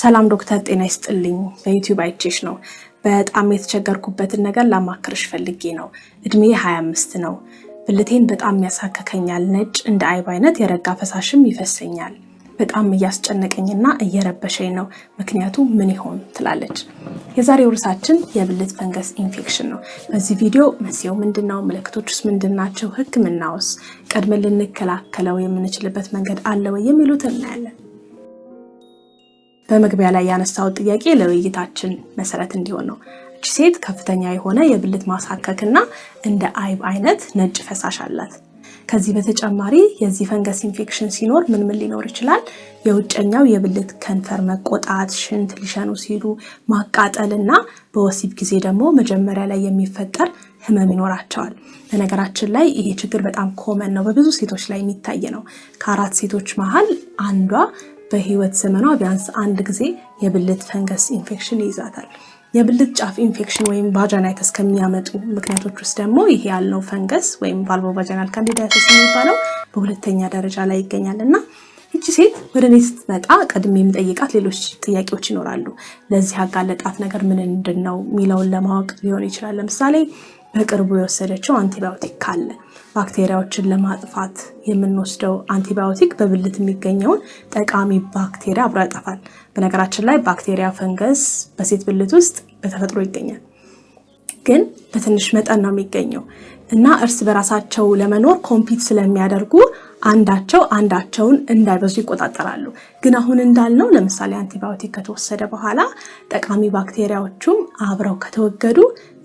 ሰላም ዶክተር ጤና ይስጥልኝ። በዩቲዩብ አይቼሽ ነው። በጣም የተቸገርኩበትን ነገር ላማክርሽ ፈልጌ ነው። እድሜ 25 ነው። ብልቴን በጣም ያሳከከኛል። ነጭ እንደ አይብ አይነት የረጋ ፈሳሽም ይፈሰኛል። በጣም እያስጨነቀኝና እየረበሸኝ ነው። ምክንያቱ ምን ይሆን ትላለች። የዛሬው ርዕሳችን የብልት ፈንገስ ኢንፌክሽን ነው። በዚህ ቪዲዮ መንስኤው ምንድነው? ምልክቶችስ ምንድናቸው? ህክምናውስ ቀድመን ልንከላከለው የምንችልበት መንገድ አለ ወይ? እናያለን። በመግቢያ ላይ ያነሳው ጥያቄ ለውይይታችን መሰረት እንዲሆን ነው። እቺ ሴት ከፍተኛ የሆነ የብልት ማሳከክ እና እንደ አይብ አይነት ነጭ ፈሳሽ አላት። ከዚህ በተጨማሪ የዚህ ፈንገስ ኢንፌክሽን ሲኖር ምን ምን ሊኖር ይችላል? የውጨኛው የብልት ከንፈር መቆጣት፣ ሽንት ሊሸኑ ሲሉ ማቃጠል እና በወሲብ ጊዜ ደግሞ መጀመሪያ ላይ የሚፈጠር ህመም ይኖራቸዋል። በነገራችን ላይ ይሄ ችግር በጣም ኮመን ነው፣ በብዙ ሴቶች ላይ የሚታይ ነው። ከአራት ሴቶች መሀል አንዷ በህይወት ዘመኗ ቢያንስ አንድ ጊዜ የብልት ፈንገስ ኢንፌክሽን ይይዛታል። የብልት ጫፍ ኢንፌክሽን ወይም ቫጃናይተስ ከሚያመጡ ምክንያቶች ውስጥ ደግሞ ይሄ ያለው ፈንገስ ወይም ቫልቮ ቫጃናል ካንዲዳይተስ የሚባለው በሁለተኛ ደረጃ ላይ ይገኛል እና ይቺ ሴት ወደ እኔ ስትመጣ ቀድሜ የምጠይቃት ሌሎች ጥያቄዎች ይኖራሉ። ለዚህ አጋለጣት ነገር ምንድን ነው የሚለውን ለማወቅ ሊሆን ይችላል። ለምሳሌ በቅርቡ የወሰደችው አንቲባዮቲክ ካለ ባክቴሪያዎችን ለማጥፋት የምንወስደው አንቲባዮቲክ በብልት የሚገኘውን ጠቃሚ ባክቴሪያ አብሮ ያጠፋል። በነገራችን ላይ ባክቴሪያ ፈንገስ በሴት ብልት ውስጥ በተፈጥሮ ይገኛል። ግን በትንሽ መጠን ነው የሚገኘው እና እርስ በራሳቸው ለመኖር ኮምፒት ስለሚያደርጉ አንዳቸው አንዳቸውን እንዳይበዙ ይቆጣጠራሉ። ግን አሁን እንዳልነው ለምሳሌ አንቲባዮቲክ ከተወሰደ በኋላ ጠቃሚ ባክቴሪያዎቹም አብረው ከተወገዱ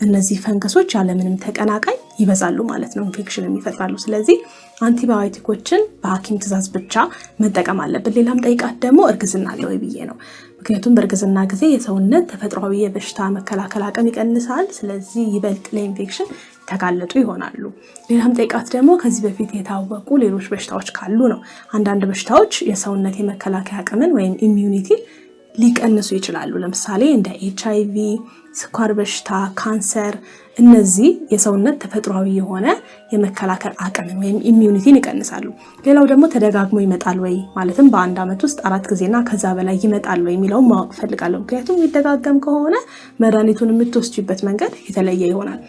እነዚህ ፈንገሶች ያለምንም ተቀናቃኝ ይበዛሉ ማለት ነው፣ ኢንፌክሽን ይፈጥራሉ። ስለዚህ አንቲባዮቲኮችን በሐኪም ትዕዛዝ ብቻ መጠቀም አለብን። ሌላም ጠይቃት ደግሞ እርግዝና አለ ወይ ብዬ ነው ምክንያቱም በእርግዝና ጊዜ የሰውነት ተፈጥሯዊ የበሽታ መከላከል አቅም ይቀንሳል። ስለዚህ ይበልጥ ለኢንፌክሽን ተጋለጡ ይሆናሉ። ሌላም ጠይቃት ደግሞ ከዚህ በፊት የታወቁ ሌሎች በሽታዎች ካሉ ነው። አንዳንድ በሽታዎች የሰውነት የመከላከያ አቅምን ወይም ኢሚዩኒቲ ሊቀንሱ ይችላሉ። ለምሳሌ እንደ ኤች አይ ቪ ስኳር በሽታ፣ ካንሰር እነዚህ የሰውነት ተፈጥሯዊ የሆነ የመከላከል አቅምን ወይም ኢሚዩኒቲን ይቀንሳሉ። ሌላው ደግሞ ተደጋግሞ ይመጣል ወይ ማለትም በአንድ ዓመት ውስጥ አራት ጊዜና ከዛ በላይ ይመጣል ወይ የሚለውን ማወቅ እፈልጋለሁ። ምክንያቱም የሚደጋገም ከሆነ መድኃኒቱን የምትወስጂበት መንገድ የተለየ ይሆናል።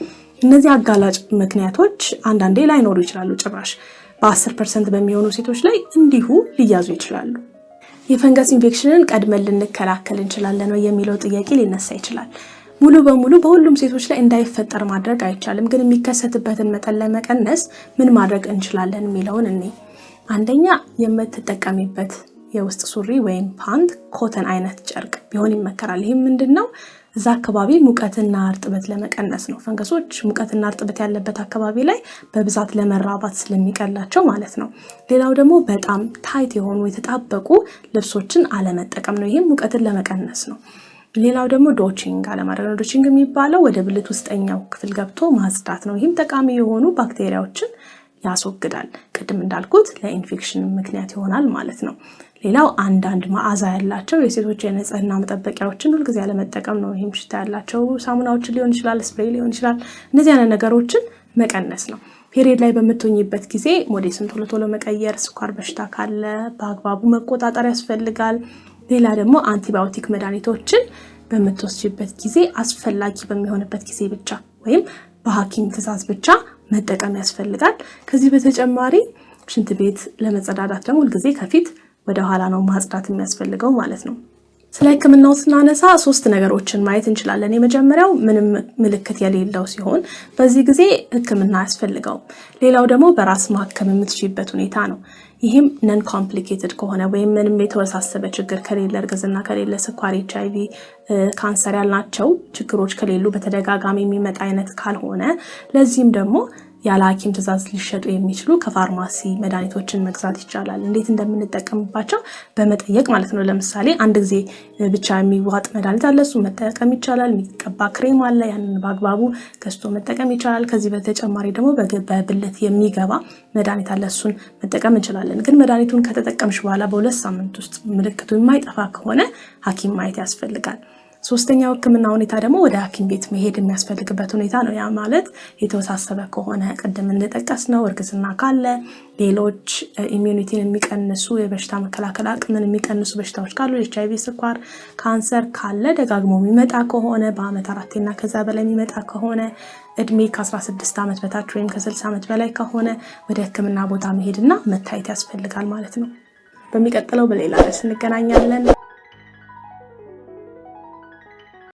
እነዚህ አጋላጭ ምክንያቶች አንዳንዴ ላይኖሩ ይችላሉ ጭራሽ በ10 ፐርሰንት በሚሆኑ ሴቶች ላይ እንዲሁ ሊያዙ ይችላሉ። የፈንገስ ኢንፌክሽንን ቀድመን ልንከላከል እንችላለን ወይ የሚለው ጥያቄ ሊነሳ ይችላል። ሙሉ በሙሉ በሁሉም ሴቶች ላይ እንዳይፈጠር ማድረግ አይቻልም፣ ግን የሚከሰትበትን መጠን ለመቀነስ ምን ማድረግ እንችላለን የሚለውን እኔ አንደኛ የምትጠቀሚበት የውስጥ ሱሪ ወይም ፓንት ኮተን አይነት ጨርቅ ቢሆን ይመከራል። ይህም ምንድን ነው? እዛ አካባቢ ሙቀትና እርጥበት ለመቀነስ ነው። ፈንገሶች ሙቀትና እርጥበት ያለበት አካባቢ ላይ በብዛት ለመራባት ስለሚቀላቸው ማለት ነው። ሌላው ደግሞ በጣም ታይት የሆኑ የተጣበቁ ልብሶችን አለመጠቀም ነው። ይህም ሙቀትን ለመቀነስ ነው። ሌላው ደግሞ ዶችንግ አለማድረግ ነው። ዶችንግ የሚባለው ወደ ብልት ውስጠኛው ክፍል ገብቶ ማጽዳት ነው። ይህም ጠቃሚ የሆኑ ባክቴሪያዎችን ያስወግዳል። ቅድም እንዳልኩት ለኢንፌክሽን ምክንያት ይሆናል ማለት ነው። ሌላው አንዳንድ መዓዛ ያላቸው የሴቶች የንጽህና መጠበቂያዎችን ሁልጊዜ ያለመጠቀም ነው። ይህም ሽታ ያላቸው ሳሙናዎችን ሊሆን ይችላል፣ ስፕሬይ ሊሆን ይችላል። እነዚህ አይነት ነገሮችን መቀነስ ነው። ፔሪድ ላይ በምትሆኝበት ጊዜ ሞዴስን ቶሎ ቶሎ መቀየር፣ ስኳር በሽታ ካለ በአግባቡ መቆጣጠር ያስፈልጋል። ሌላ ደግሞ አንቲባዮቲክ መድኃኒቶችን በምትወስጅበት ጊዜ አስፈላጊ በሚሆንበት ጊዜ ብቻ ወይም በሐኪም ትእዛዝ ብቻ መጠቀም ያስፈልጋል። ከዚህ በተጨማሪ ሽንት ቤት ለመጸዳዳት ደግሞ ሁልጊዜ ከፊት ወደኋላ ነው ማጽዳት የሚያስፈልገው ማለት ነው። ስለ ህክምናው ስናነሳ ሶስት ነገሮችን ማየት እንችላለን። የመጀመሪያው ምንም ምልክት የሌለው ሲሆን በዚህ ጊዜ ህክምና አያስፈልገውም። ሌላው ደግሞ በራስ ማከም የምትችይበት ሁኔታ ነው። ይህም ነን ኮምፕሊኬትድ ከሆነ ወይም ምንም የተወሳሰበ ችግር ከሌለ፣ እርግዝና ከሌለ፣ ስኳር፣ ኤች አይቪ፣ ካንሰር ያልናቸው ችግሮች ከሌሉ፣ በተደጋጋሚ የሚመጣ አይነት ካልሆነ ለዚህም ደግሞ ያለ ሐኪም ትዕዛዝ ሊሸጡ የሚችሉ ከፋርማሲ መድኃኒቶችን መግዛት ይቻላል። እንዴት እንደምንጠቀምባቸው በመጠየቅ ማለት ነው። ለምሳሌ አንድ ጊዜ ብቻ የሚዋጥ መድኃኒት አለ፣ እሱ መጠቀም ይቻላል። የሚቀባ ክሬም አለ፣ ያንን በአግባቡ ገዝቶ መጠቀም ይቻላል። ከዚህ በተጨማሪ ደግሞ በብልት የሚገባ መድኃኒት አለ፣ እሱን መጠቀም እንችላለን። ግን መድኃኒቱን ከተጠቀምሽ በኋላ በሁለት ሳምንት ውስጥ ምልክቱ የማይጠፋ ከሆነ ሐኪም ማየት ያስፈልጋል። ሶስተኛው ህክምና ሁኔታ ደግሞ ወደ ሐኪም ቤት መሄድ የሚያስፈልግበት ሁኔታ ነው። ያ ማለት የተወሳሰበ ከሆነ ቅድም እንደጠቀስ ነው እርግዝና ካለ ሌሎች ኢሚዩኒቲን የሚቀንሱ የበሽታ መከላከል አቅምን የሚቀንሱ በሽታዎች ካሉ ኤች አይቪ፣ ስኳር፣ ካንሰር ካለ ደጋግሞ የሚመጣ ከሆነ በአመት አራቴና ከዛ በላይ የሚመጣ ከሆነ እድሜ ከ16 ዓመት በታች ወይም ከ60 ዓመት በላይ ከሆነ ወደ ህክምና ቦታ መሄድና መታየት ያስፈልጋል ማለት ነው። በሚቀጥለው በሌላ ርዕስ እንገናኛለን።